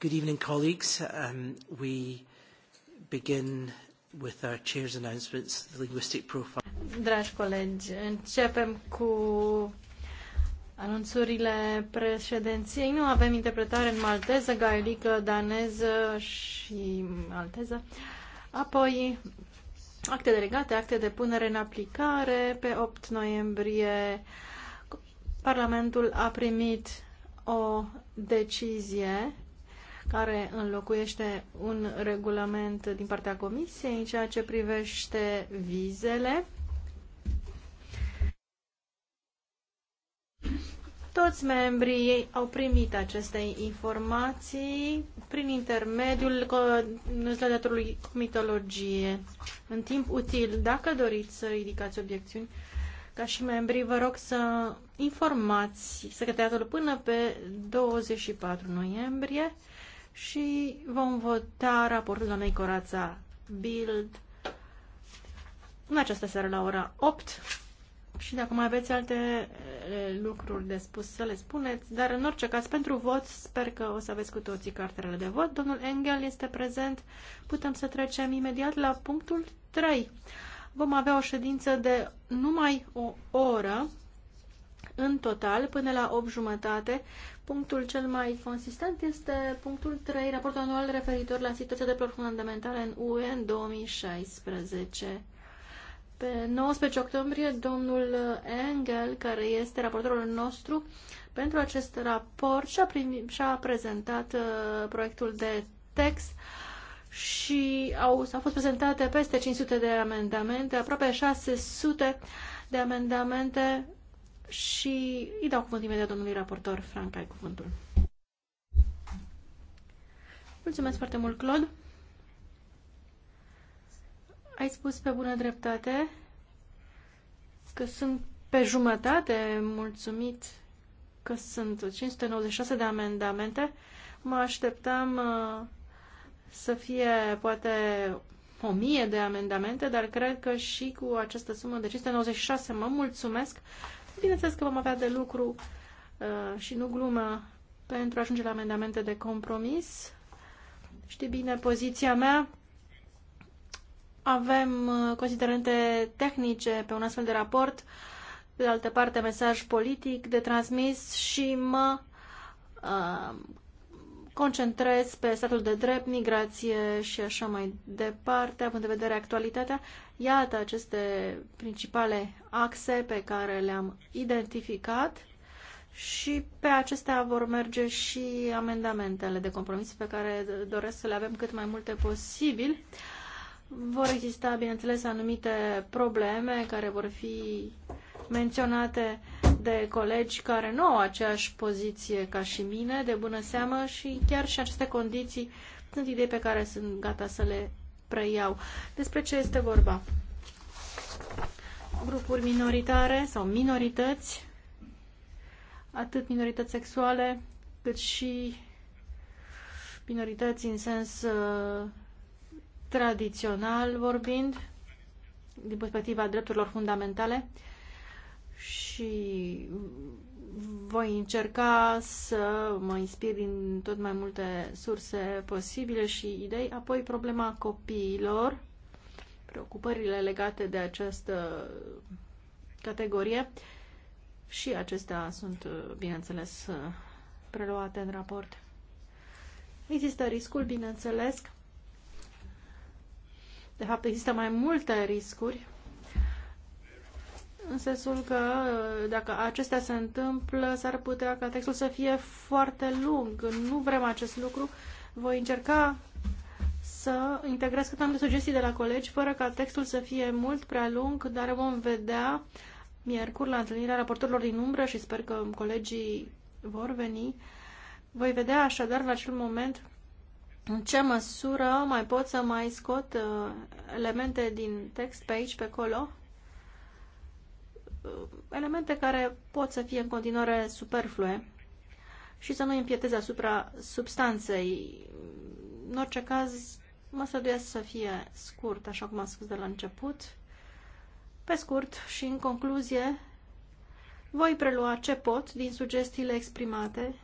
Good evening, colleagues. Um, we begin with our chair's announcements, the linguistic profile. Dragi colegi, începem cu anunțurile președinției. Nu avem interpretare în malteză, gaelică, daneză și malteză. Apoi, acte delegate, acte de punere în aplicare. Pe 8 noiembrie, Parlamentul a primit o decizie care înlocuiește un regulament din partea Comisiei în ceea ce privește vizele. Toți membrii ei au primit aceste informații prin intermediul newsletterului Comitologie în timp util. Dacă doriți să ridicați obiecțiuni, ca și membrii, vă rog să informați secretariatul până pe 24 noiembrie și vom vota raportul doamnei Corața Build în această seară la ora 8. Și dacă mai aveți alte eh, lucruri de spus, să le spuneți. Dar, în orice caz, pentru vot, sper că o să aveți cu toții cartele de vot. Domnul Engel este prezent. Putem să trecem imediat la punctul 3. Vom avea o ședință de numai o oră în total până la 8 jumătate. Punctul cel mai consistent este punctul 3, raportul anual referitor la situația de fundamentale în UE în 2016. Pe 19 octombrie, domnul Engel, care este raportorul nostru pentru acest raport, și-a, și-a prezentat uh, proiectul de text și au, au fost prezentate peste 500 de amendamente, aproape 600 de amendamente și îi dau cuvântul imediat domnului raportor. Frank, ai cuvântul. Mulțumesc foarte mult, Claude. Ai spus pe bună dreptate că sunt pe jumătate mulțumit că sunt 596 de amendamente. Mă așteptam uh, să fie poate o mie de amendamente, dar cred că și cu această sumă de 596 mă mulțumesc Bineînțeles că vom avea de lucru uh, și nu glumă pentru a ajunge la amendamente de compromis. Știi bine poziția mea. Avem uh, considerente tehnice pe un astfel de raport, pe de altă parte mesaj politic de transmis și mă uh, concentrez pe statul de drept, migrație și așa mai departe, având în vedere actualitatea. Iată aceste principale axe pe care le-am identificat și pe acestea vor merge și amendamentele de compromis pe care doresc să le avem cât mai multe posibil. Vor exista, bineînțeles, anumite probleme care vor fi menționate de colegi care nu au aceeași poziție ca și mine, de bună seamă, și chiar și aceste condiții sunt idei pe care sunt gata să le preiau. Despre ce este vorba? Grupuri minoritare sau minorități, atât minorități sexuale, cât și minorități în sens uh, tradițional vorbind, din perspectiva drepturilor fundamentale și voi încerca să mă inspir din tot mai multe surse posibile și idei, apoi problema copiilor, preocupările legate de această categorie și acestea sunt, bineînțeles, preluate în raport. Există riscul, bineînțeles, de fapt există mai multe riscuri în sensul că dacă acestea se întâmplă, s-ar putea ca textul să fie foarte lung. Nu vrem acest lucru. Voi încerca să integrez cât am de sugestii de la colegi, fără ca textul să fie mult prea lung, dar vom vedea miercuri la întâlnirea raportorilor din umbră și sper că colegii vor veni. Voi vedea așadar la acel moment în ce măsură mai pot să mai scot uh, elemente din text pe aici, pe acolo Uh, elemente care pot să fie în continuare superflue și să nu impieteze asupra substanței. În orice caz, mă străduiesc să fie scurt, așa cum am spus de la început. Pe scurt și în concluzie, voi prelua ce pot din sugestiile exprimate,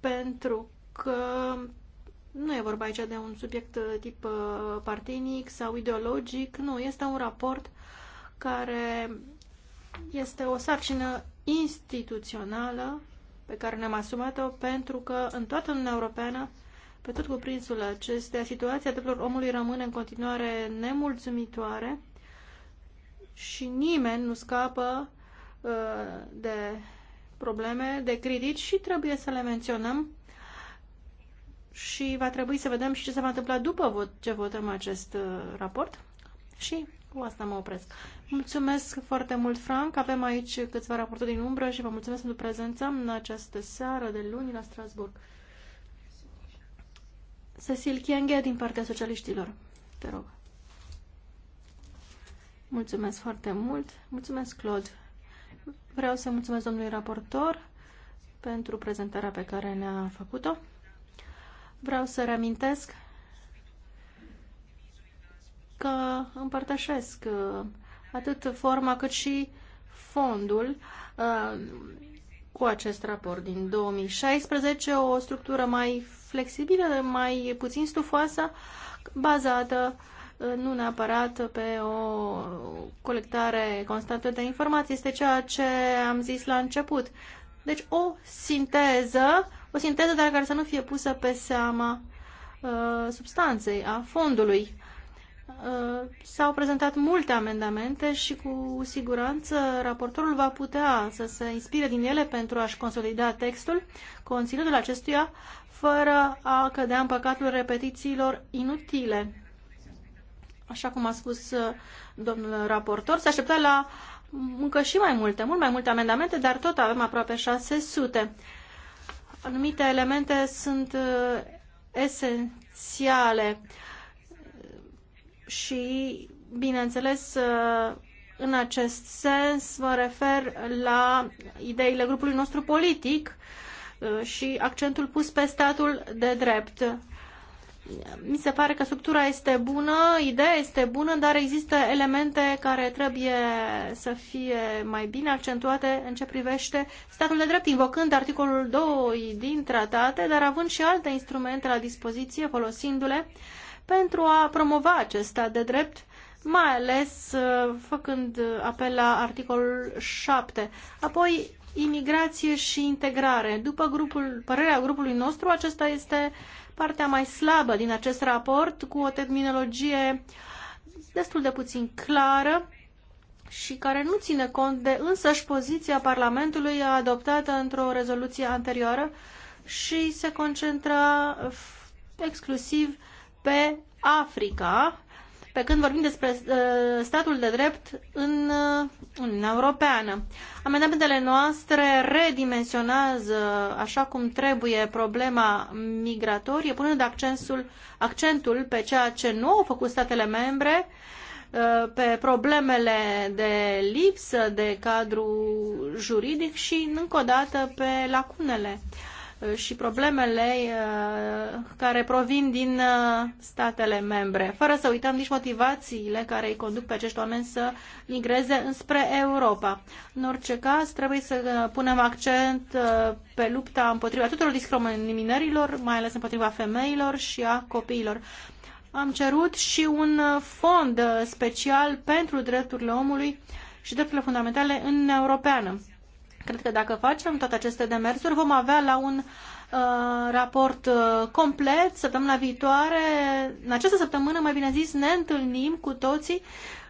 pentru că nu e vorba aici de un subiect uh, tip uh, partinic sau ideologic, nu, este un raport uh, care este o sarcină instituțională pe care ne-am asumat-o pentru că în toată Uniunea Europeană, pe tot cuprinsul acestea, situația drepturilor omului rămâne în continuare nemulțumitoare și nimeni nu scapă uh, de probleme, de critici și trebuie să le menționăm și va trebui să vedem și ce se va întâmpla după vot, ce votăm acest uh, raport și cu asta mă opresc. Mulțumesc foarte mult, Frank. Avem aici câțiva raportori din umbră și vă mulțumesc pentru prezența în această seară de luni la Strasburg. Cecil Chienghe din partea socialiștilor. Te rog. Mulțumesc foarte mult. Mulțumesc, Claude. Vreau să mulțumesc domnului raportor pentru prezentarea pe care ne-a făcut-o. Vreau să reamintesc că împărtășesc uh, atât forma cât și fondul uh, cu acest raport din 2016, o structură mai flexibilă, mai puțin stufoasă, bazată uh, nu neapărat pe o colectare constantă de informații, este ceea ce am zis la început. Deci o sinteză, o sinteză dar care să nu fie pusă pe seama uh, substanței, a fondului. Uh, s-au prezentat multe amendamente și cu siguranță raportorul va putea să se inspire din ele pentru a-și consolida textul, conținutul acestuia, fără a cădea în păcatul repetițiilor inutile. Așa cum a spus uh, domnul raportor, se aștepta la încă și mai multe, mult mai multe amendamente, dar tot avem aproape 600. Anumite elemente sunt uh, esențiale. Uh, și, bineînțeles, uh, în acest sens mă refer la ideile grupului nostru politic uh, și accentul pus pe statul de drept. Mi se pare că structura este bună, ideea este bună, dar există elemente care trebuie să fie mai bine accentuate în ce privește statul de drept, invocând articolul 2 din tratate, dar având și alte instrumente la dispoziție, folosindu-le uh, pentru a promova acesta de drept, mai ales uh, făcând uh, apel la articolul 7. Apoi, imigrație și integrare. După grupul, părerea grupului nostru, acesta este partea mai slabă din acest raport, cu o terminologie destul de puțin clară și care nu ține cont de însăși poziția Parlamentului adoptată într-o rezoluție anterioară și se concentra exclusiv pe Africa, pe când vorbim despre uh, statul de drept în uh, Uniunea Europeană. Amendamentele noastre redimensionează așa cum trebuie problema migratorie, punând accentul, accentul pe ceea ce nu au făcut statele membre, uh, pe problemele de lipsă de cadru juridic și, încă o dată, pe lacunele uh, și problemele uh, care provin din uh, statele membre, fără să uităm nici motivațiile care îi conduc pe acești oameni să migreze înspre Europa. În orice caz, trebuie să uh, punem accent pe lupta împotriva tuturor discriminărilor, mai ales împotriva femeilor și a copiilor. Am cerut și un fond special pentru drepturile omului și drepturile fundamentale în Europeană Cred că dacă facem toate aceste demersuri, vom avea la un uh, raport uh, complet săptămâna viitoare. În această săptămână, mai bine zis, ne întâlnim cu toții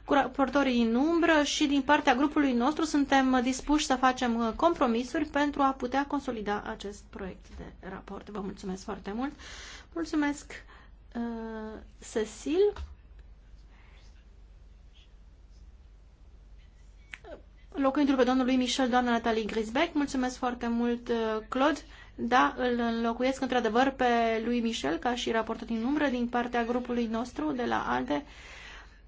cu raportorii în umbră și din partea grupului nostru suntem dispuși să facem uh, compromisuri pentru a putea consolida acest proiect de raport. Vă mulțumesc foarte mult. Mulțumesc, uh, Cecil. locuindu pe domnul lui Michel, doamna Natalie Grisbeck. Mulțumesc foarte mult, uh, Claude. Da, îl înlocuiesc într-adevăr pe lui Michel ca și raportul din umbră din partea grupului nostru de la ALDE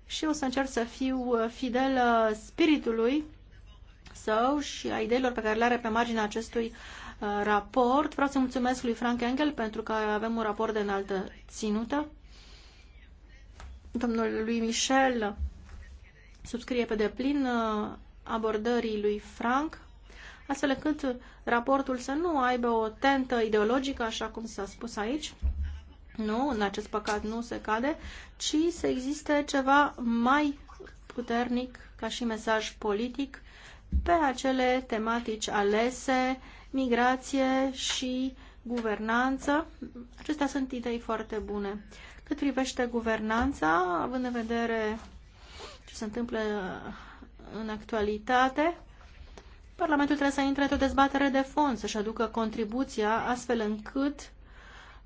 și o să încerc să fiu uh, fidel uh, spiritului său și a ideilor pe care le are pe marginea acestui raport. Vreau să mulțumesc lui Frank Engel pentru că avem un raport de înaltă ținută. Domnul lui Michel subscrie pe deplin abordării lui Frank, astfel încât raportul să nu aibă o tentă ideologică, așa cum s-a spus aici, nu, în acest păcat nu se cade, ci să existe ceva mai puternic ca și mesaj politic pe acele tematici alese, migrație și guvernanță. Acestea sunt idei foarte bune. Cât privește guvernanța, având în vedere ce se întâmplă în actualitate, Parlamentul trebuie să intre într-o dezbatere de fond, să-și aducă contribuția astfel încât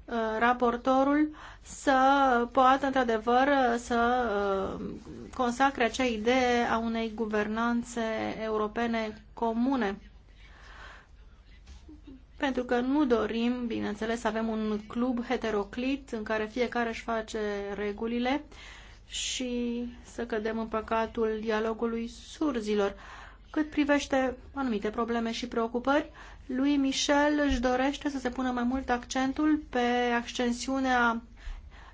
uh, raportorul să poată într-adevăr să uh, consacre acea idee a unei guvernanțe europene comune. Pentru că nu dorim, bineînțeles, să avem un club heteroclit în care fiecare își face regulile, uh, și să cădem în păcatul dialogului surzilor. Cât privește anumite probleme și preocupări, lui Michel își dorește să se pună mai mult accentul pe ascensiunea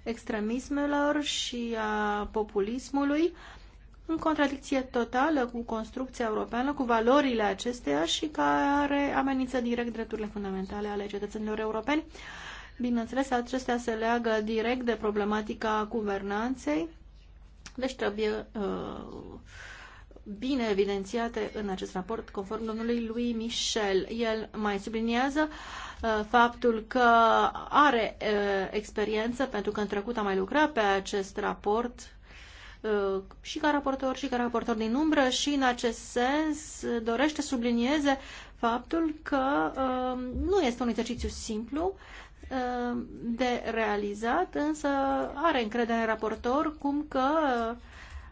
extremismelor și a populismului, în contradicție totală cu construcția europeană, cu valorile acesteia și care amenință direct drepturile fundamentale ale cetățenilor europeni. Bineînțeles, acestea se leagă direct de problematica guvernanței deci trebuie uh, bine evidențiate în acest raport, conform domnului lui Michel. El mai subliniază uh, faptul că are uh, experiență, pentru că în trecut a mai lucrat pe acest raport uh, și ca raportor și ca raportor din umbră și în acest sens dorește sublinieze faptul că nu este un exercițiu simplu, Uh, de realizat, însă are încredere în raportor cum că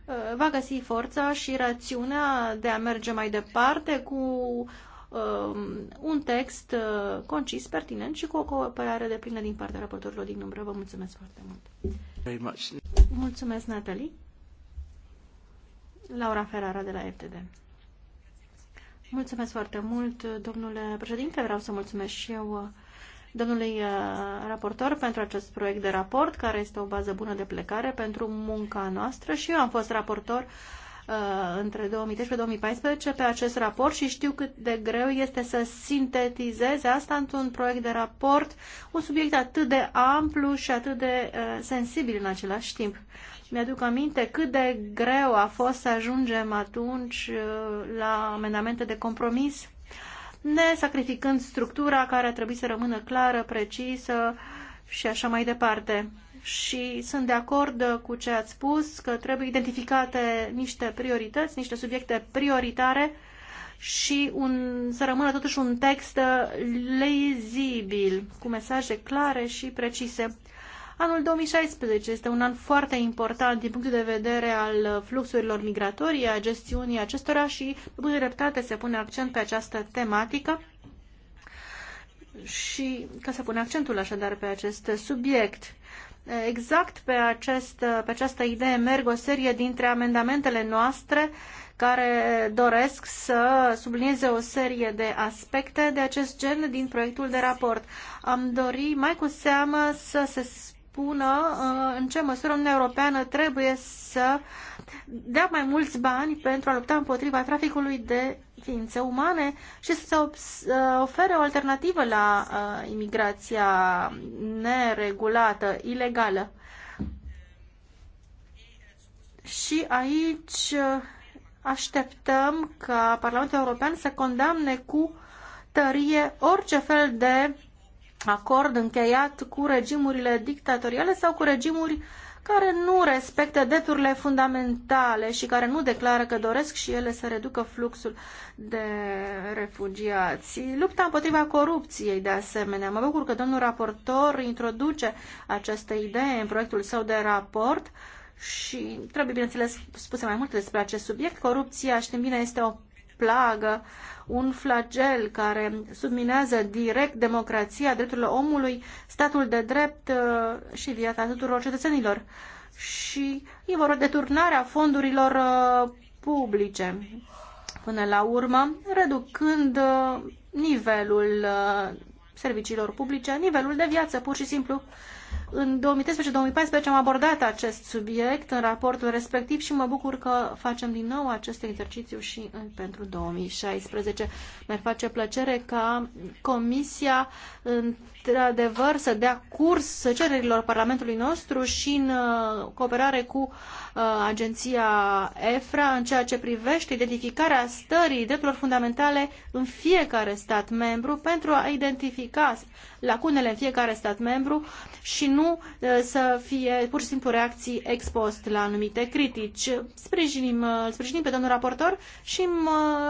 uh, va găsi forța și rațiunea de a merge mai departe cu uh, un text concis, pertinent și cu o cooperare de plină din partea raportorilor din umbră. Vă mulțumesc foarte mult! Very much. Mulțumesc, Natalie! Laura Ferrara de la FTD. Mulțumesc foarte mult, domnule președinte. Vreau să mulțumesc și eu domnului uh, raportor pentru acest proiect de raport, care este o bază bună de plecare pentru munca noastră și eu am fost raportor uh, între 2013-2014 pe acest raport și știu cât de greu este să sintetizeze asta într-un proiect de raport, un subiect atât de amplu și atât de uh, sensibil în același timp. Mi-aduc aminte cât de greu a fost să ajungem atunci uh, la amendamente de compromis ne sacrificând structura care trebuie să rămână clară, precisă și așa mai departe. Și sunt de acord cu ce ați spus, că trebuie identificate niște priorități, niște subiecte prioritare și un, să rămână totuși un text lezibil, cu mesaje clare și precise. Anul 2016 este un an foarte important din punctul de vedere al fluxurilor migratorii, a gestiunii acestora și, după dreptate, se pune accent pe această tematică și ca să pun accentul așadar pe acest subiect. Exact pe, acest, pe această idee merg o serie dintre amendamentele noastre care doresc să sublinieze o serie de aspecte de acest gen din proiectul de raport. Am dori mai cu seamă să se spună uh, în ce măsură Uniunea Europeană trebuie să dea mai mulți bani pentru a lupta împotriva traficului de ființe umane și să uh, ofere o alternativă la uh, imigrația neregulată, ilegală. Și aici așteptăm ca Parlamentul European să condamne cu tărie orice fel de acord încheiat cu regimurile dictatoriale sau cu regimuri care nu respectă drepturile fundamentale și care nu declară că doresc și ele să reducă fluxul de refugiați. Lupta împotriva corupției, de asemenea. Mă bucur că domnul raportor introduce această idee în proiectul său de raport și trebuie, bineînțeles, spuse mai multe despre acest subiect. Corupția, știm bine, este o plagă, un flagel care subminează direct democrația, drepturile omului, statul de drept uh, și viața tuturor cetățenilor. Și e vorba de turnarea fondurilor uh, publice, până la urmă, reducând uh, nivelul serviciilor publice, nivelul de viață, pur și simplu. În 2013-2014 am abordat acest subiect în raportul respectiv și mă bucur că facem din nou acest exercițiu și pentru 2016. Mi-ar face plăcere ca Comisia în într-adevăr să dea curs cererilor Parlamentului nostru și în uh, cooperare cu uh, agenția EFRA în ceea ce privește identificarea stării drepturilor fundamentale în fiecare stat membru pentru a identifica lacunele în fiecare stat membru și nu uh, să fie pur și simplu reacții ex post la anumite critici. Sprijinim, sprijinim pe domnul raportor și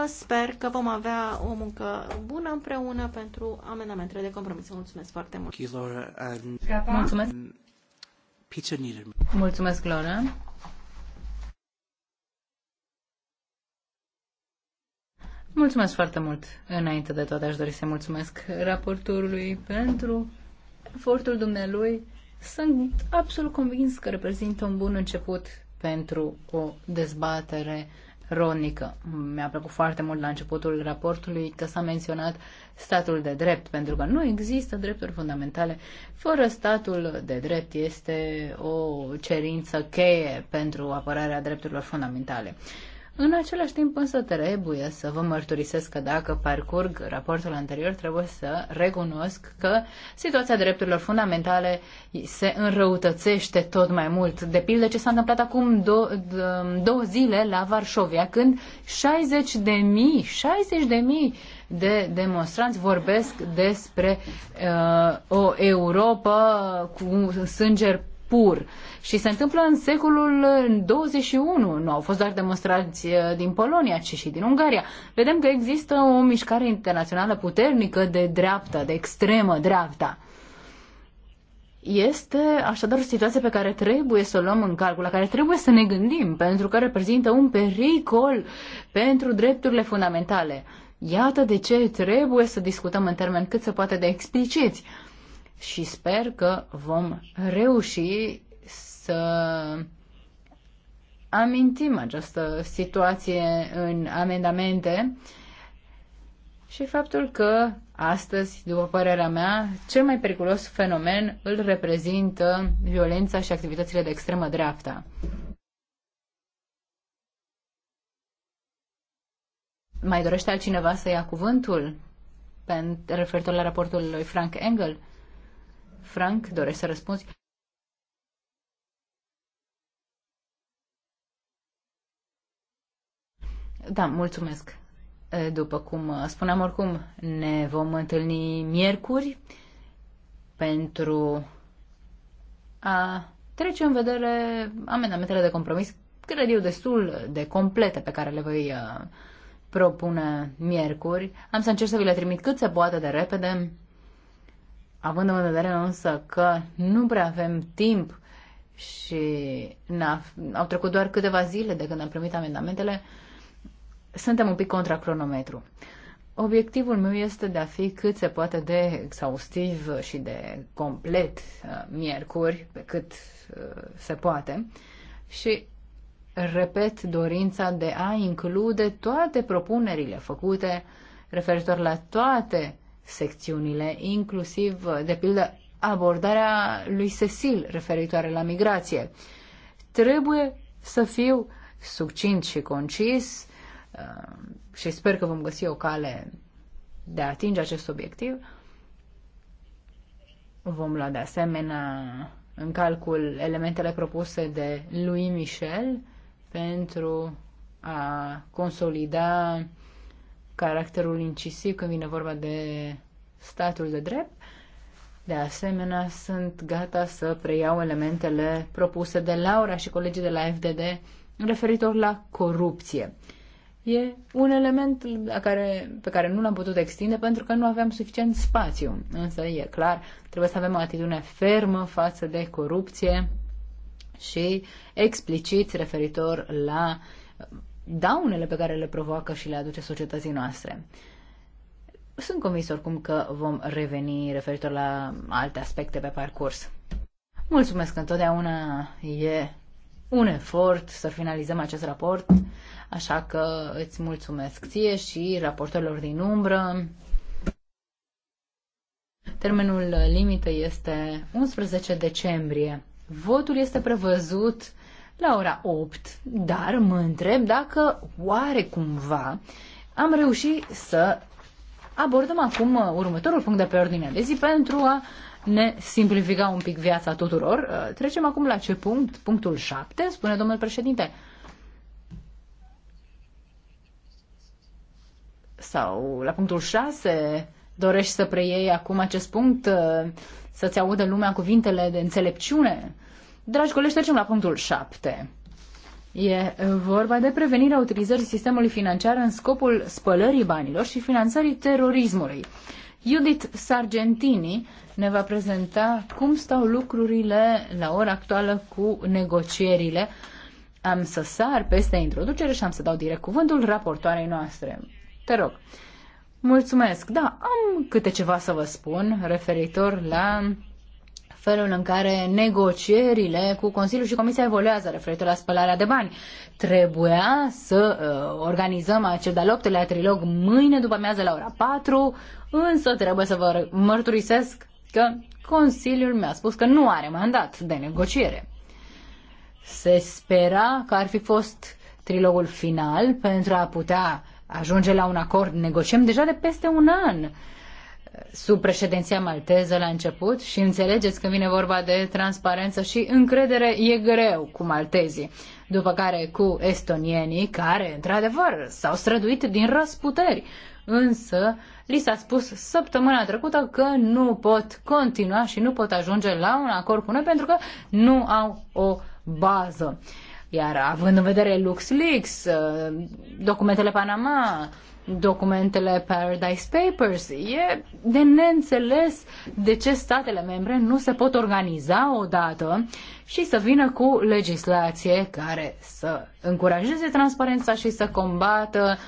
sper că vom avea o muncă bună împreună pentru amendamentele de compromis. Mulțumesc! Mulțumesc foarte mult. Mulțumesc. Peter Niederman. Mulțumesc, Laura. Mulțumesc foarte mult. Înainte de toate, aș dori să mulțumesc raportorului pentru efortul dumnealui. Sunt absolut convins că reprezintă un bun început pentru o dezbatere Ronică. Mi-a plăcut foarte mult la începutul raportului că s-a menționat statul de drept, pentru că nu există drepturi fundamentale. Fără statul de drept este o cerință cheie pentru apărarea drepturilor fundamentale. În același timp însă trebuie să vă mărturisesc că dacă parcurg raportul anterior, trebuie să recunosc că situația drepturilor fundamentale se înrăutățește tot mai mult. De pildă ce s-a întâmplat acum dou- două zile la Varșovia, când 60 de mii, 60 de mii de demonstranți vorbesc despre uh, o Europa cu sânger pur. Și se întâmplă în secolul 21. Nu au fost doar demonstrați uh, din Polonia, ci și din Ungaria. Vedem că există o mișcare internațională puternică de dreapta, de extremă dreapta. Este așadar o situație pe care trebuie să o luăm în calcul, la care trebuie să ne gândim, pentru că reprezintă un pericol pentru drepturile fundamentale. Iată de ce trebuie să discutăm în termeni cât se poate de expliciți și sper că vom reuși să amintim această situație în amendamente și faptul că astăzi, după părerea mea, cel mai periculos fenomen îl reprezintă violența și activitățile de extremă dreapta. Mai dorește altcineva să ia cuvântul pentru referitor la raportul lui Frank Engel? Frank, dorești să răspunzi? Da, mulțumesc. După cum uh, spuneam, oricum ne vom întâlni miercuri pentru a trece în vedere amendamentele de compromis, cred eu, destul de complete pe care le voi uh, propune miercuri. Am să încerc să vi le trimit cât se poate de repede Având în vedere însă că nu prea avem timp și au trecut doar câteva zile de când am primit amendamentele, suntem un pic contra cronometru. Obiectivul meu este de a fi cât se poate de exhaustiv și de complet uh, miercuri, pe cât uh, se poate, și repet dorința de a include toate propunerile făcute referitor la toate secțiunile, inclusiv, de pildă, abordarea lui Cecil referitoare la migrație. Trebuie să fiu succint și concis uh, și sper că vom găsi o cale de a atinge acest obiectiv. Vom lua de asemenea în calcul elementele propuse de lui Michel pentru a consolida caracterul incisiv când vine vorba de statul de drept. De asemenea, sunt gata să preiau elementele propuse de Laura și colegii de la FDD referitor la corupție. E un element la care, pe care nu l-am putut extinde pentru că nu aveam suficient spațiu. Însă e clar, trebuie să avem o atitudine fermă față de corupție și explicit referitor la daunele pe care le provoacă și le aduce societății noastre. Sunt convins oricum că vom reveni referitor la alte aspecte pe parcurs. Mulțumesc că întotdeauna e un efort să finalizăm acest raport, așa că îți mulțumesc ție și raportorilor din umbră. Termenul limită este 11 decembrie. Votul este prevăzut la ora 8, dar mă întreb dacă oare cumva am reușit să abordăm acum următorul punct de pe ordinea de zi pentru a ne simplifica un pic viața tuturor. Uh, trecem acum la ce punct? Punctul 7, spune domnul președinte. Sau la punctul 6, dorești să preiei acum acest punct, uh, să-ți audă lumea cuvintele de înțelepciune? Dragi colegi, trecem la punctul 7. E vorba de prevenirea utilizării sistemului financiar în scopul spălării banilor și finanțării terorismului. Judith Sargentini ne va prezenta cum stau lucrurile la ora actuală cu negocierile. Am să sar peste introducere și am să dau direct cuvântul raportoarei noastre. Te rog. Mulțumesc. Da, am câte ceva să vă spun referitor la felul în care negocierile cu Consiliul și Comisia evoluează referitor la spălarea de bani. Trebuia să uh, organizăm acel dialog, la trilog mâine după amiază la ora 4, însă trebuie să vă mărturisesc că Consiliul mi-a spus că nu are mandat de negociere. Se spera că ar fi fost trilogul final pentru a putea ajunge la un acord. Negociem deja de peste un an sub președinția malteză la început și înțelegeți că vine vorba de transparență și încredere e greu cu maltezii. După care cu estonienii care, într-adevăr, s-au străduit din răsputeri. Însă, li s-a spus săptămâna trecută că nu pot continua și nu pot ajunge la un acord cu noi pentru că nu au o bază. Iar având în vedere LuxLeaks, documentele Panama, documentele Paradise Papers. E de neînțeles de ce statele membre nu se pot organiza odată și să vină cu legislație care să încurajeze transparența și să combată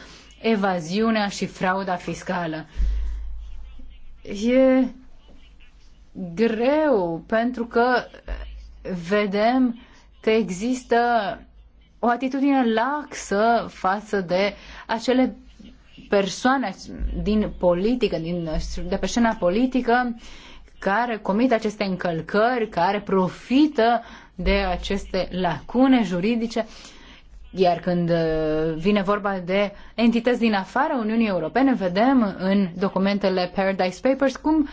evaziunea și frauda fiscală. E greu pentru că vedem că există o atitudine laxă față de acele persoane din politică, din, de pe scena politică, care comit aceste încălcări, care profită de aceste lacune juridice. Iar când uh, vine vorba de entități din afara Uniunii Europene, vedem în documentele Paradise Papers cum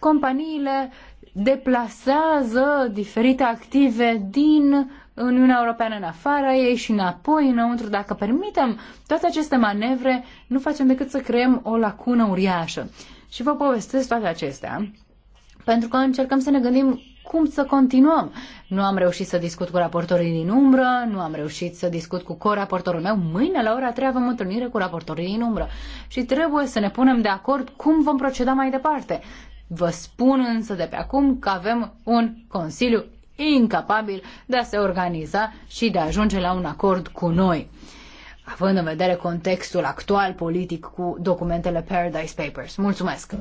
companiile deplasează diferite active din în Uniunea Europeană în afara ei și înapoi înăuntru. Dacă permitem toate aceste manevre, nu facem decât să creăm o lacună uriașă. Și vă povestesc toate acestea pentru că încercăm să ne gândim cum să continuăm. Nu am reușit să discut cu raportorii din umbră, nu am reușit să discut cu co-raportorul meu. Mâine la ora 3 avem întâlnire cu raportorii din umbră și trebuie să ne punem de acord cum vom proceda mai departe. Vă spun însă de pe acum că avem un Consiliu incapabil de a se organiza și de a ajunge la un acord cu noi, având în vedere contextul actual politic cu documentele Paradise Papers. Mulțumesc!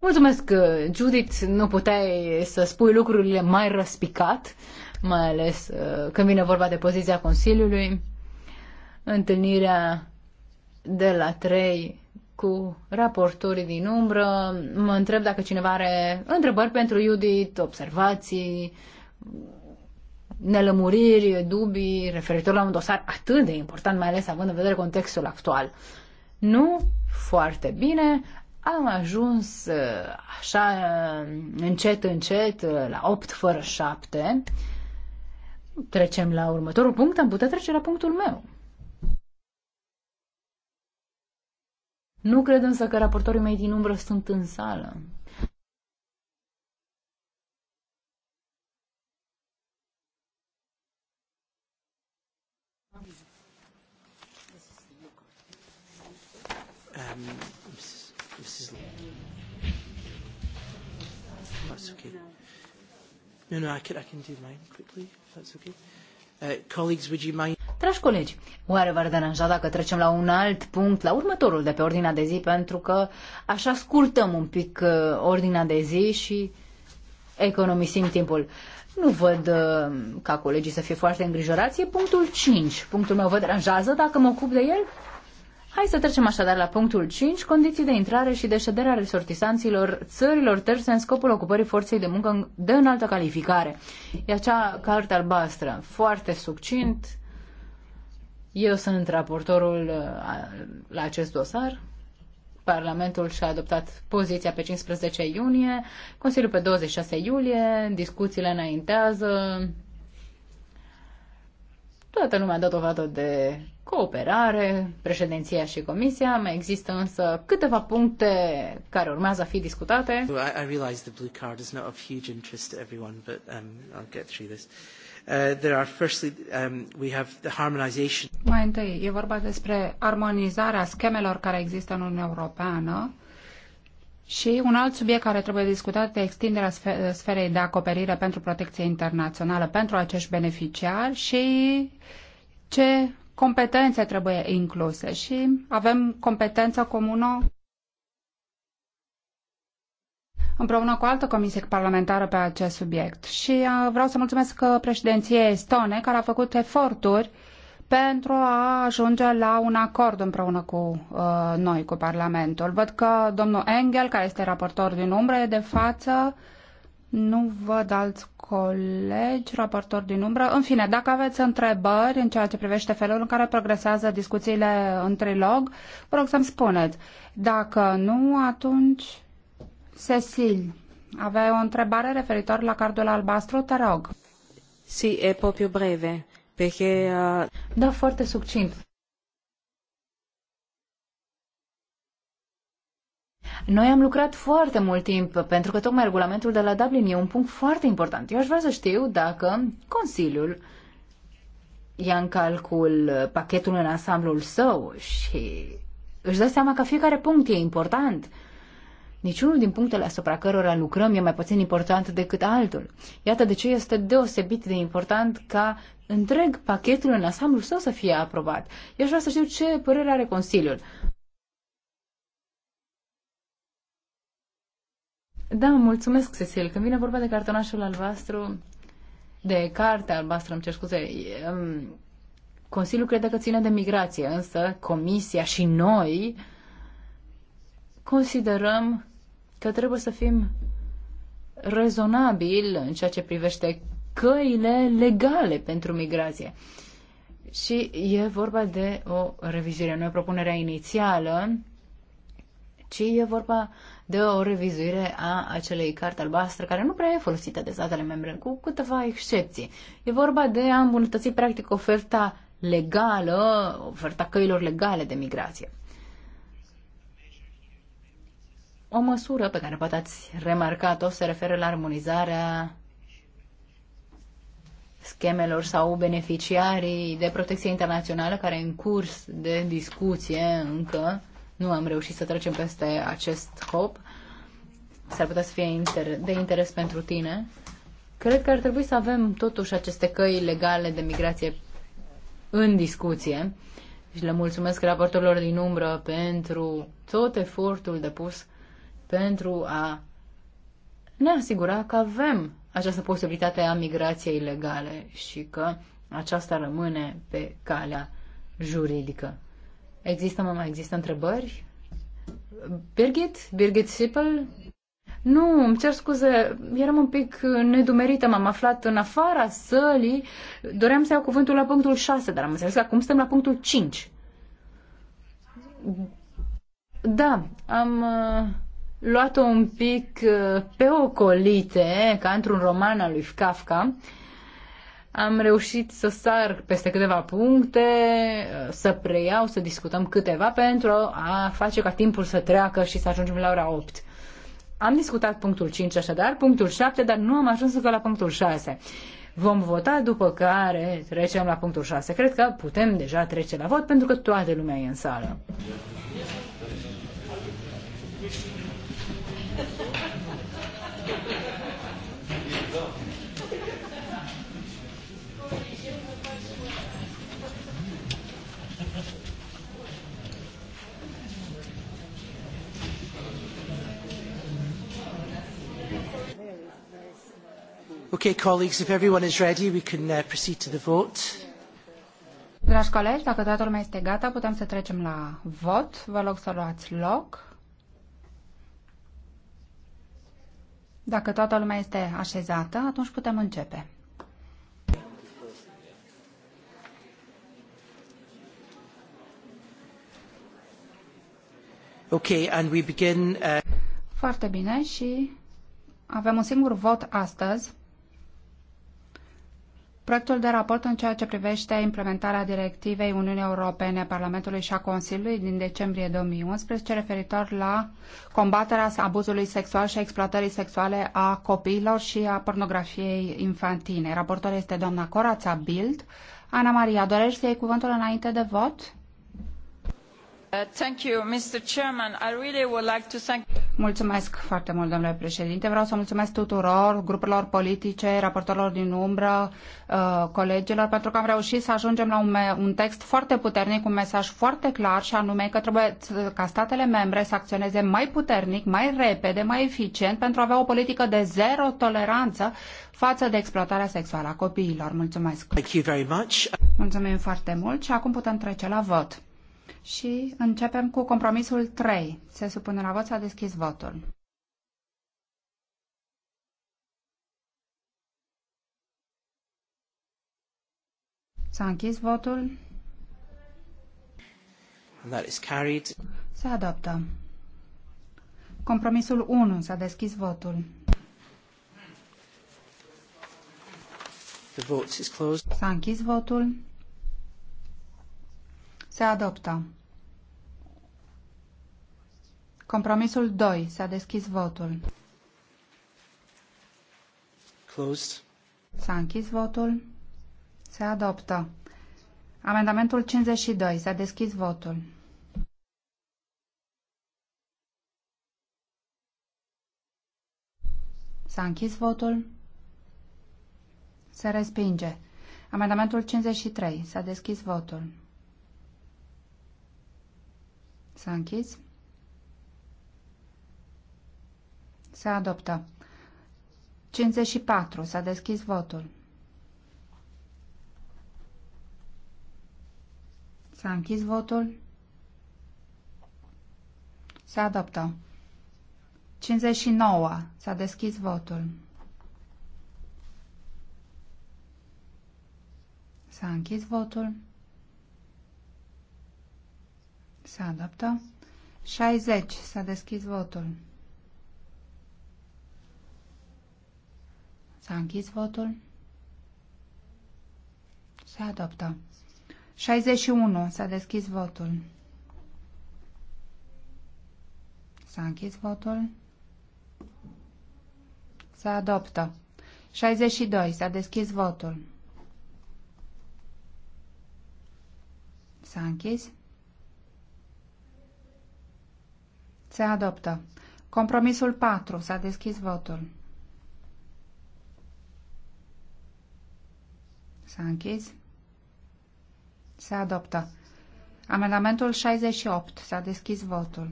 Mulțumesc, uh, Judith, nu puteai să spui lucrurile mai răspicat, mai ales uh, când vine vorba de poziția Consiliului. Întâlnirea de la 3 cu raportorii din umbră. Mă întreb dacă cineva are întrebări pentru Judith, observații, nelămuriri, dubii referitor la un dosar atât de important, mai ales având în vedere contextul actual. Nu foarte bine, am ajuns uh, așa uh, încet, încet uh, la 8 fără 7. Trecem la următorul punct, am putea trece la punctul meu. Nu cred însă că raportorii mei din umbră sunt în sală. Mrs. Um, that's okay. No, no, I can, I can do mine quickly, if that's okay. Uh, colleagues, would you mind... Dragi colegi, oare v-ar deranja dacă trecem la un alt punct, la următorul de pe ordinea de zi, pentru că așa scurtăm un pic uh, ordinea de zi și economisim timpul. Nu văd uh, ca colegii să fie foarte îngrijorați. E punctul 5. Punctul meu vă deranjează dacă mă ocup de el? Hai să trecem așadar la punctul 5, condiții de intrare și de a resortisanților țărilor terse în scopul ocupării forței de muncă de înaltă calificare. E acea carte albastră, foarte succint. Eu sunt raportorul uh, la acest dosar. Parlamentul și-a adoptat poziția pe 15 iunie, Consiliul pe 26 iulie, discuțiile înaintează, Toată lumea a dat dovadă de cooperare, președinția și comisia, mai există însă câteva puncte care urmează a fi discutate. I, I the blue card is not of huge interest to everyone, but um, I'll get through this. Uh, there are firstly, um, we have the harmonization. Mai întâi, e vorba despre armonizarea schemelor care există în Uniunea Europeană și un alt subiect care trebuie discutat este extinderea sferei de acoperire pentru protecție internațională pentru acești beneficiari și ce competențe trebuie incluse. Și avem competența comună împreună cu altă comisie parlamentară pe acest subiect. Și uh, vreau să mulțumesc uh, președinției Estone, care a făcut eforturi uh, pentru a ajunge la un acord împreună cu uh, noi, cu Parlamentul. Văd că domnul Engel, care este raportor din umbră, e de față. Nu văd alți colegi, raportori din umbră. În fine, dacă aveți întrebări în ceea ce privește felul în care progresează discuțiile în trilog, vă rog să-mi spuneți. Dacă nu, atunci... Cecil, aveai o întrebare referitor la cardul albastru? Te rog. Si, e proprio breve peche. Uh, da, foarte succint. Noi am lucrat foarte mult timp pentru că tocmai regulamentul de la Dublin e un punct foarte important. Eu aș vrea să știu dacă Consiliul ia în calcul pachetul în ansamblul său și își dă seama că fiecare punct e important. Niciunul din punctele asupra cărora lucrăm e mai puțin important decât altul. Iată de ce este deosebit de important ca întreg pachetul în ansamblul său să fie aprobat. Eu aș vrea să știu ce părere are Consiliul. Da, mulțumesc, Cecil. Când vine vorba de cartonașul albastru, de carte albastră, îmi cer scuze, um, Consiliul crede că ține de migrație, însă Comisia și noi considerăm că trebuie să fim rezonabil în ceea ce privește căile legale pentru migrație. Și e vorba de o revizuire, nu e propunerea inițială, ci e vorba de o revizuire a acelei carte albastre care nu prea e folosită de statele membre, cu câteva excepții. E vorba de a îmbunătăți practic oferta legală, oferta căilor legale de migrație. O măsură pe care poate ați remarcat-o se referă la armonizarea schemelor sau beneficiarii de protecție internațională care în curs de discuție încă nu am reușit să trecem peste acest scop. S-ar putea să fie inter- de interes pentru tine. Cred că ar trebui să avem totuși aceste căi legale de migrație în discuție și le mulțumesc raportorilor din umbră pentru tot efortul depus pentru a ne asigura că avem această posibilitate a migrației ilegale și că aceasta rămâne pe calea juridică. Există, mă mai există întrebări? Birgit? Birgit Sipel? Nu, îmi cer scuze, eram un pic nedumerită, m-am aflat în afara sălii, doream să iau cuvântul la punctul 6, dar am înțeles că acum suntem la punctul 5. Da, am uh, luat-o un pic uh, pe ocolite, ca într-un roman al lui Kafka. Am reușit să sar peste câteva puncte, uh, să preiau, să discutăm câteva pentru a face ca timpul să treacă și să ajungem la ora 8. Am discutat punctul 5 așadar, punctul 7, dar nu am ajuns încă la punctul 6. Vom vota după care trecem la punctul 6. Cred că putem deja trece la vot pentru că toată lumea e în sală. Okay, colleagues, if everyone is ready, we can uh, proceed to the vote. Dragi colegi, dacă toată lumea este gata, putem să trecem la vot. Vă rog să luați loc. Dacă toată lumea este așezată, atunci putem începe. Okay, and we begin, uh... Foarte bine și avem un singur vot astăzi Proiectul de raport în ceea ce privește implementarea directivei Uniunii Europene, Parlamentului și a Consiliului din decembrie 2011 referitor la combaterea abuzului sexual și exploatării sexuale a copiilor și a pornografiei infantine. Raportor este doamna Corața Bild. Ana Maria, dorești să iei cuvântul înainte de vot? Mulțumesc foarte mult, domnule președinte. Vreau să mulțumesc tuturor grupurilor politice, raportorilor din umbră, uh, colegilor, pentru că am reușit să ajungem la un, un text foarte puternic, un mesaj foarte clar și anume că trebuie ca statele membre să acționeze mai puternic, mai repede, mai eficient pentru a avea o politică de zero toleranță față de exploatarea sexuală a copiilor. Mulțumesc! Mulțumim foarte mult și acum putem trece la vot și începem cu compromisul 3. Se supune la vot, s-a deschis votul. S-a închis votul. that is carried. Se adoptă. Compromisul 1. S-a deschis votul. The vote is closed. S-a închis votul. Se adoptă. Compromisul 2. S-a deschis votul. Closed. S-a închis votul. Se adoptă. Amendamentul 52. S-a deschis votul. S-a închis votul. Se respinge. Amendamentul 53. S-a deschis votul. Să închizi. Se adoptă. 54. S-a deschis votul. S-a închis votul. Se adoptă. 59. S-a deschis votul. S-a închis votul. Se adaptă. 60. S-a deschis votul. S-a închis votul. Se adoptă. 61. S-a deschis votul. S-a închis votul. Se adoptă. 62. S-a deschis votul. S-a închis. Se adoptă. Compromisul 4. S-a deschis votul. S-a închis. Se adoptă. Amendamentul 68. S-a deschis votul.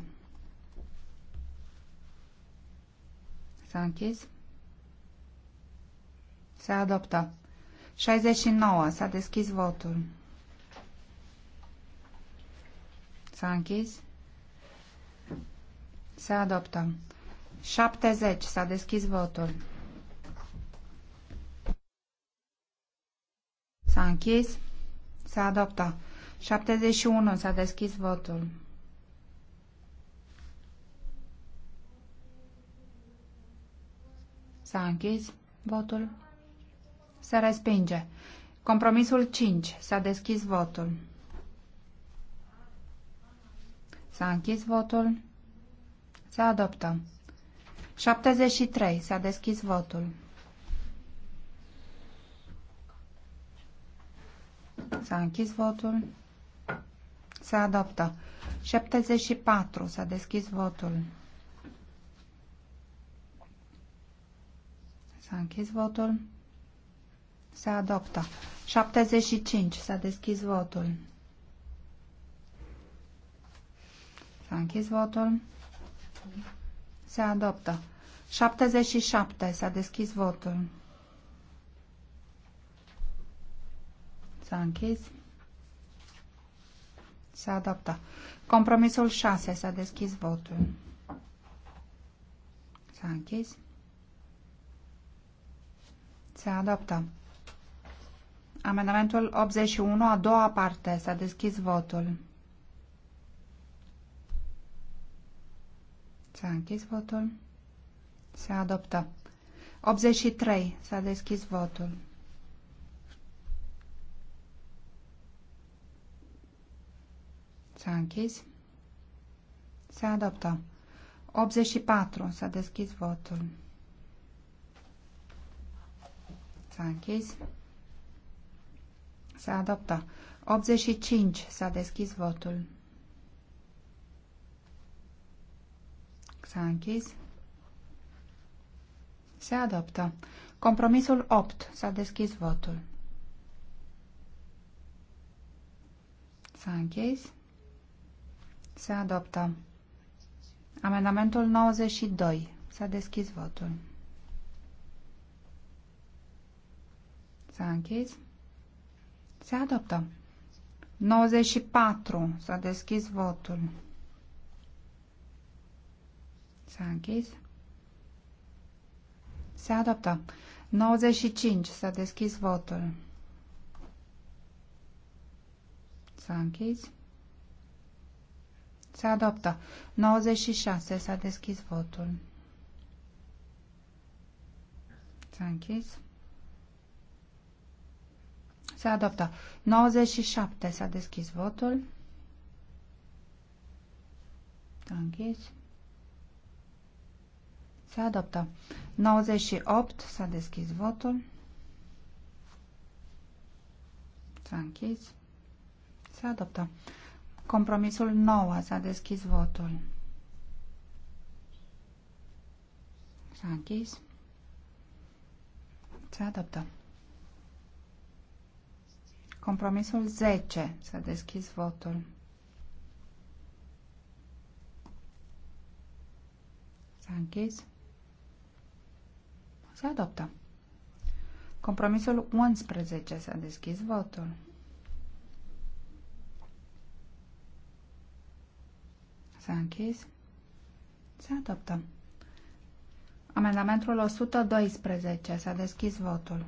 S-a închis. Se adoptă. 69. S-a deschis votul. S-a închis. Se adoptă. 70. S-a deschis votul. S-a închis. Se adoptă. 71. S-a deschis votul. S-a închis votul. Se respinge. Compromisul 5. S-a deschis votul. S-a închis votul. Se adoptă. 73. S-a deschis votul. S-a închis votul. Se adoptă. 74. S-a deschis votul. S-a închis votul. Se adoptă. 75. S-a deschis votul. S-a închis votul. Se adoptă. 77. S-a deschis votul. S-a închis. Se adoptă. Compromisul 6. S-a deschis votul. S-a închis. Se adoptă. Amendamentul 81, a doua parte. S-a deschis votul. S-a închis votul. Se adoptă. 83. S-a deschis votul. S-a închis. Se adoptă. 84. S-a deschis votul. S-a închis. Se adoptă. 85. S-a deschis votul. S-a închis. Se adoptă. Compromisul 8. S-a deschis votul. S-a închis. Se adoptă. Amendamentul 92. S-a deschis votul. S-a închis. Se adoptă. 94. S-a deschis votul. S-a închis. Se adoptă. 95. S-a deschis votul. S-a închis. Se adoptă. 96. S-a deschis votul. S-a închis. Se adoptă. 97. S-a deschis votul. S-a închis. Se adoptă. 98. S-a deschis votul. S-a închis. Se adoptă. Compromisul 9. S-a deschis votul. S-a închis. Se adoptă. Compromisul 10. S-a deschis votul. S-a închis. Se adoptă. Compromisul 11. S-a deschis votul. S-a închis. Se adoptă. Amendamentul 112. S-a deschis votul.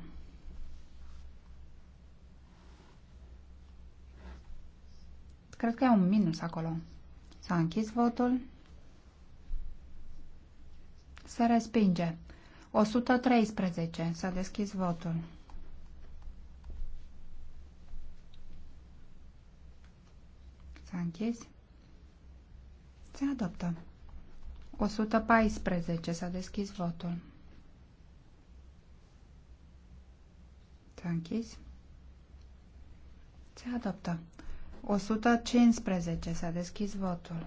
Cred că e un minus acolo. S-a închis votul. Se respinge. 113. S-a deschis votul. S-a închis. Se adoptă. 114. S-a deschis votul. S-a închis. Se adoptă. 115. S-a deschis votul.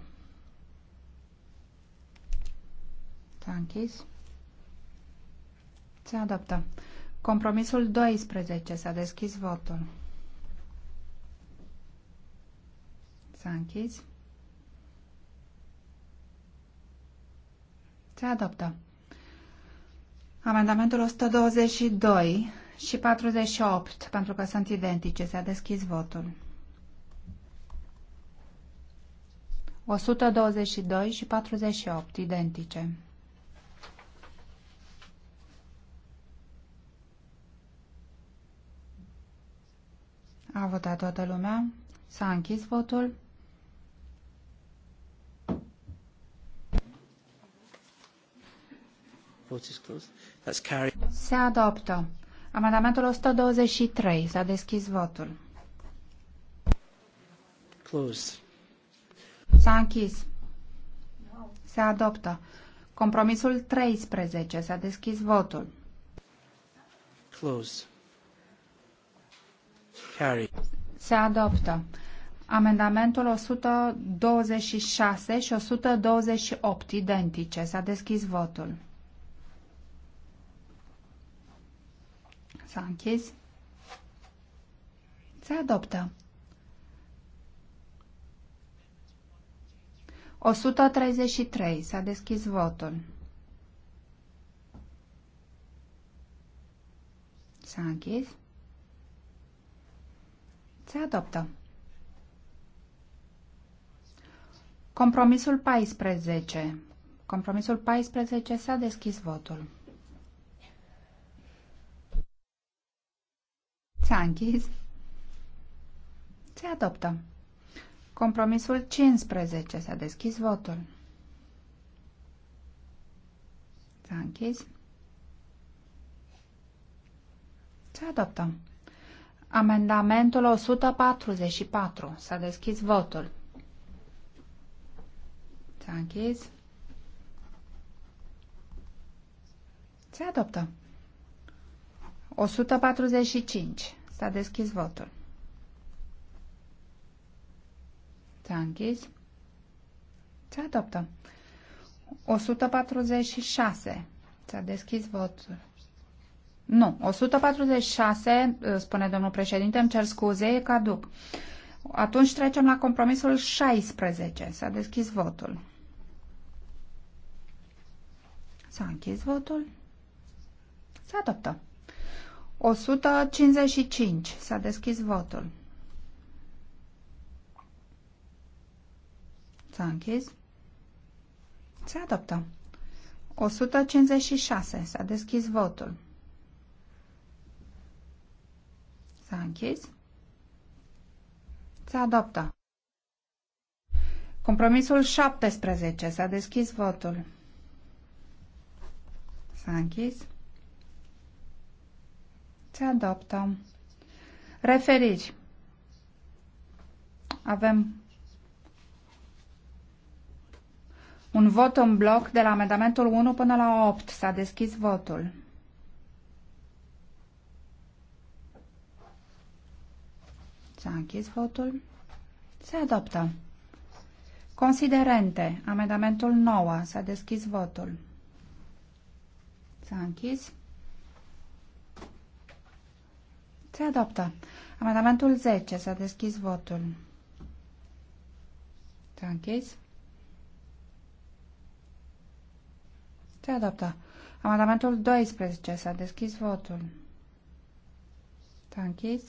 S-a închis. Se adoptă. Compromisul 12. S-a deschis votul. S-a închis. Se adoptă. Amendamentul 122 și 48, pentru că sunt identice. S-a deschis votul. 122 și 48, identice. A votat toată lumea. S-a închis votul. Se adoptă. Amendamentul 123. S-a deschis votul. Close. S-a închis. Se adoptă. Compromisul 13. S-a deschis votul. Close. Se adoptă. Amendamentul 126 și 128 identice. S-a deschis votul. S-a închis. Se adoptă. 133. S-a deschis votul. S-a închis. Se adoptă. Compromisul 14. Compromisul 14 s-a deschis votul. S-a închis. Se adoptă. Compromisul 15 s-a deschis votul. S-a închis. Se adoptă. Amendamentul 144. S-a deschis votul. S-a închis. Se adoptă. 145. S-a deschis votul. S-a închis. Se adoptă. 146. S-a deschis votul. Nu, 146, uh, spune domnul președinte, îmi cer scuze, e caduc. Atunci trecem la compromisul 16. S-a deschis votul. S-a închis votul. Se adoptă. 155. S-a deschis votul. S-a închis. Se adoptă. 156. S-a deschis votul. S-a închis. Se adoptă. Compromisul 17. S-a deschis votul. S-a închis. Se adoptă. Referiri. Avem un vot în bloc de la amendamentul 1 până la 8. S-a deschis votul. S-a închis votul. Se adoptă. Considerente. Amendamentul 9. S-a deschis votul. S-a închis. Se adoptă. Amendamentul 10. S-a deschis votul. S-a închis. Se adoptă. Amendamentul 12. S-a deschis votul. S-a închis.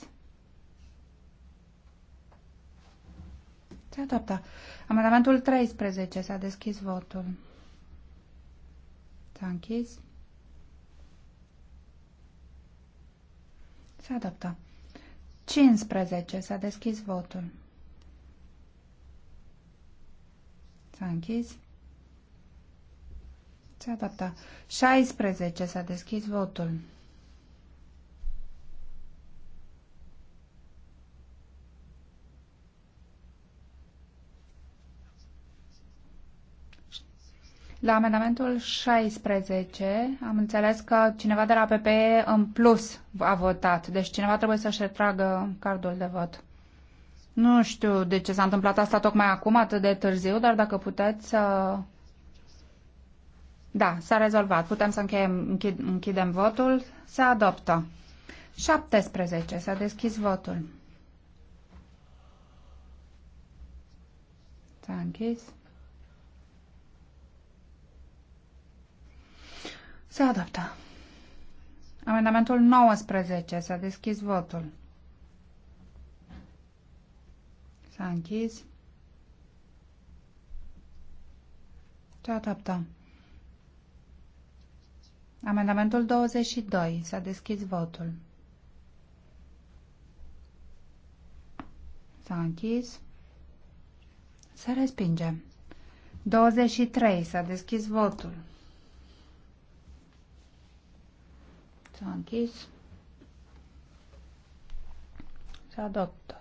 Se adoptă. Amendamentul 13. S-a deschis votul. S-a închis. Se adoptă. 15. S-a deschis votul. S-a închis. Se adoptă. 16. S-a deschis votul. La amendamentul 16 am înțeles că cineva de la PPE în plus a votat, deci cineva trebuie să-și retragă cardul de vot. Nu știu de ce s-a întâmplat asta tocmai acum, atât de târziu, dar dacă puteți să... Da, s-a rezolvat. Putem să încheiem, închid, închidem votul. Se adoptă. 17. S-a deschis votul. S-a închis. Se adapta. Amendamentul 19. S-a deschis votul. S-a închis. Se adapta. Amendamentul 22. S-a deschis votul. S-a închis. Se respinge. 23. S-a deschis votul. S-a închis. Se adoptă.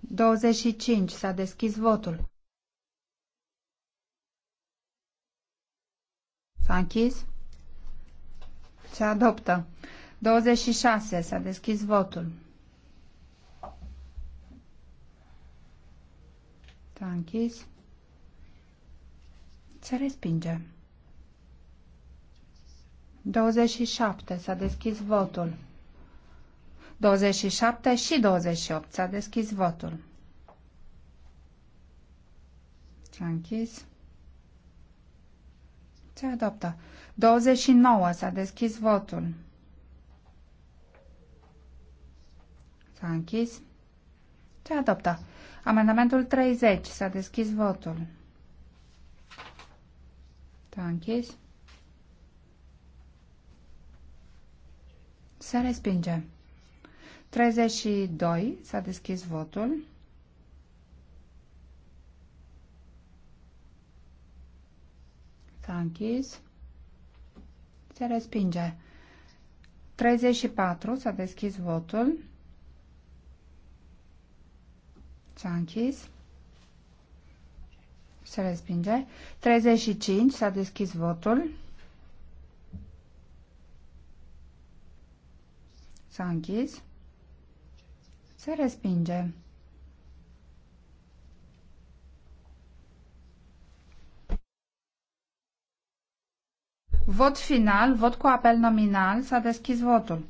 25. S-a deschis votul. S-a închis. Se adoptă. 26. S-a deschis votul. S-a închis. Se respinge. 27. S-a deschis votul. 27 și 28. S-a deschis votul. S-a închis. Se adoptă. 29. S-a deschis votul. S-a închis. Se adoptă. Amendamentul 30. S-a deschis votul. S-a închis. Se respinge. 32. S-a deschis votul. S-a închis. Se respinge. 34. S-a deschis votul. S-a închis. Se respinge. 35. S-a deschis votul. S-a închis. Se respinge. Vot final, vot cu apel nominal, s-a deschis votul.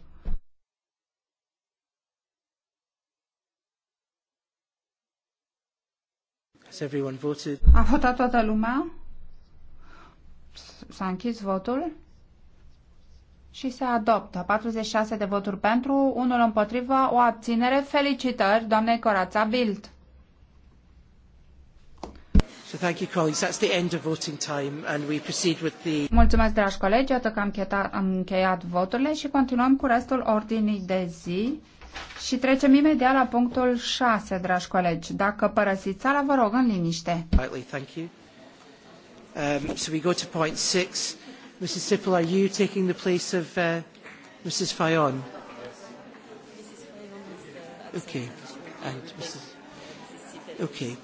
A votat toată lumea? S-a închis votul? și se adoptă. 46 de voturi pentru, unul împotrivă, o abținere. Felicitări, doamnei Corața Bild. Mulțumesc, dragi colegi, iată că am încheiat, am încheiat voturile și continuăm cu restul ordinii de zi și trecem imediat la punctul 6, dragi colegi. Dacă părăsiți sala, vă rog în liniște. Right, thank you. Um, so we go to point 6. Mrs. Sippel, are you taking the place of uh, Mrs. Fayon? Okay. And Mrs. Okay.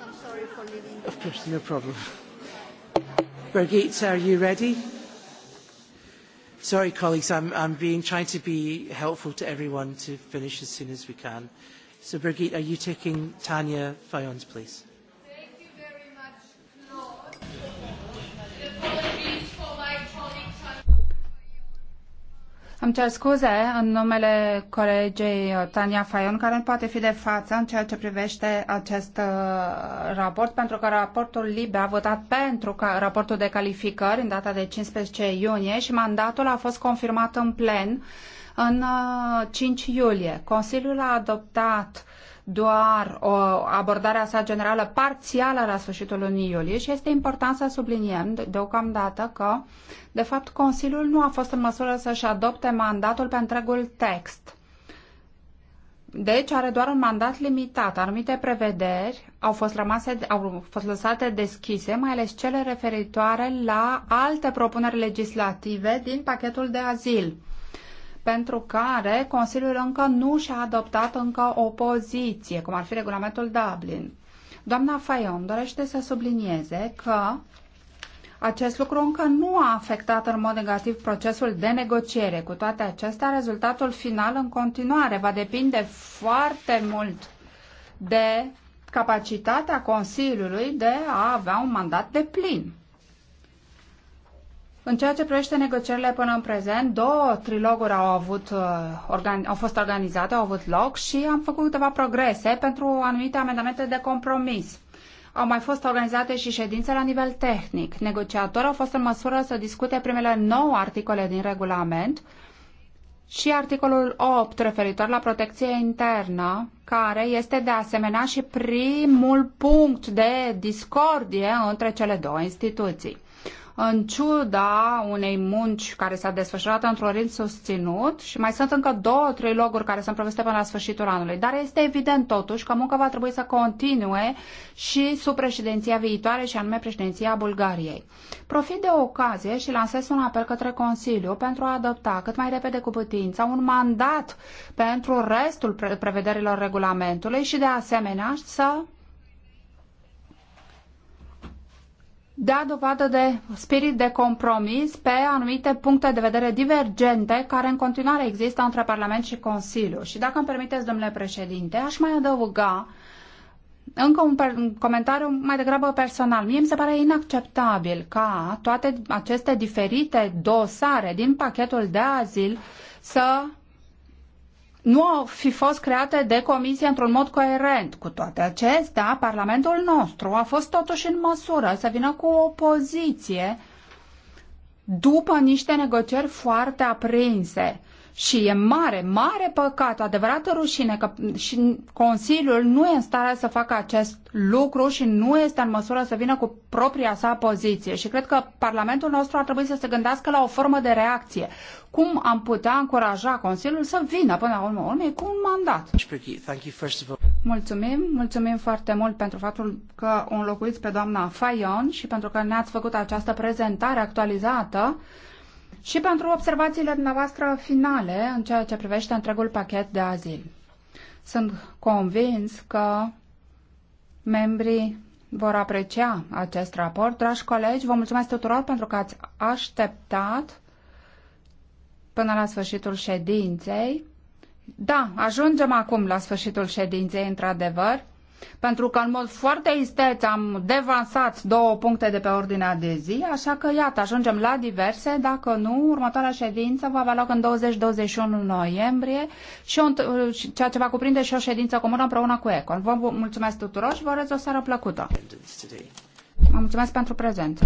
I'm sorry for leaving. Of course, no problem. Birgit, are you ready? Sorry, colleagues, I'm, I'm being, trying to be helpful to everyone to finish as soon as we can. So, Birgit, are you taking Tanya Fayon's place? Îmi cer scuze în numele colegei uh, Tania Fayon, care nu poate fi de față în ceea ce privește acest uh, raport, pentru că raportul LIBE a votat pentru ca, raportul de calificări în data de 15 iunie și mandatul a fost confirmat în plen în 5 uh, iulie. Consiliul a adoptat doar o abordarea sa generală parțială la sfârșitul lunii iulie și este important să subliniem deocamdată că, de fapt, Consiliul nu a fost în măsură să-și adopte mandatul pe întregul text. Deci are doar un mandat limitat. Anumite prevederi au fost, rămase, au fost lăsate deschise, mai ales cele referitoare la alte propuneri legislative din pachetul de azil pentru care Consiliul încă nu și-a adoptat încă o poziție, cum ar fi regulamentul Dublin. Doamna Fayon dorește să sublinieze că acest lucru încă nu a afectat în mod negativ procesul de negociere. Cu toate acestea, rezultatul final în continuare va depinde foarte mult de capacitatea Consiliului de a avea un mandat de plin. În ceea ce privește negocierile până în prezent, două triloguri au, avut, uh, au fost organizate, au avut loc și am făcut câteva progrese pentru anumite amendamente de compromis. Au mai fost organizate și ședințe la nivel tehnic. Negociatorii au fost în măsură să discute primele nouă articole din regulament și articolul 8 referitor la protecție internă, care este de asemenea și primul punct de discordie între cele două instituții în ciuda unei munci care s-a desfășurat într-un rând susținut și mai sunt încă două, trei locuri care sunt prevăzute până la sfârșitul anului. Dar este evident totuși că munca va trebui să continue și sub președinția viitoare și anume președinția Bulgariei. Profit de ocazie și lansez un apel către Consiliu pentru a adopta cât mai repede cu putință un mandat pentru restul prevederilor regulamentului și de asemenea să dea dovadă de spirit de compromis pe anumite puncte de vedere divergente care în continuare există între Parlament și Consiliu. Și dacă îmi permiteți, domnule președinte, aș mai adăuga încă un comentariu mai degrabă personal. Mie mi se pare inacceptabil ca toate aceste diferite dosare din pachetul de azil să nu au fi fost create de comisie într-un mod coerent. Cu toate acestea, Parlamentul nostru a fost totuși în măsură să vină cu o poziție după niște negocieri foarte aprinse și e mare, mare păcat, o adevărată rușine că și Consiliul nu e în stare să facă acest lucru și nu este în măsură să vină cu propria sa poziție. Și cred că Parlamentul nostru ar trebui să se gândească la o formă de reacție. Cum am putea încuraja Consiliul să vină până la urmă urmei cu un mandat? Mulțumim, mulțumim foarte mult pentru faptul că o înlocuiți pe doamna Fayon și pentru că ne-ați făcut această prezentare actualizată și pentru observațiile dumneavoastră finale în ceea ce privește întregul pachet de azil. Sunt convins că membrii vor aprecia acest raport. Dragi colegi, vă mulțumesc tuturor pentru că ați așteptat până la sfârșitul ședinței. Da, ajungem acum la sfârșitul ședinței, într-adevăr pentru că în mod foarte isteț am devansat două puncte de pe ordinea de zi, așa că iată, ajungem la diverse, dacă nu, următoarea ședință va avea loc în 20-21 noiembrie și un, ceea ce va cuprinde și o ședință comună împreună cu Econ. Vă mulțumesc tuturor și vă urez o seară plăcută. Vă mulțumesc pentru prezență.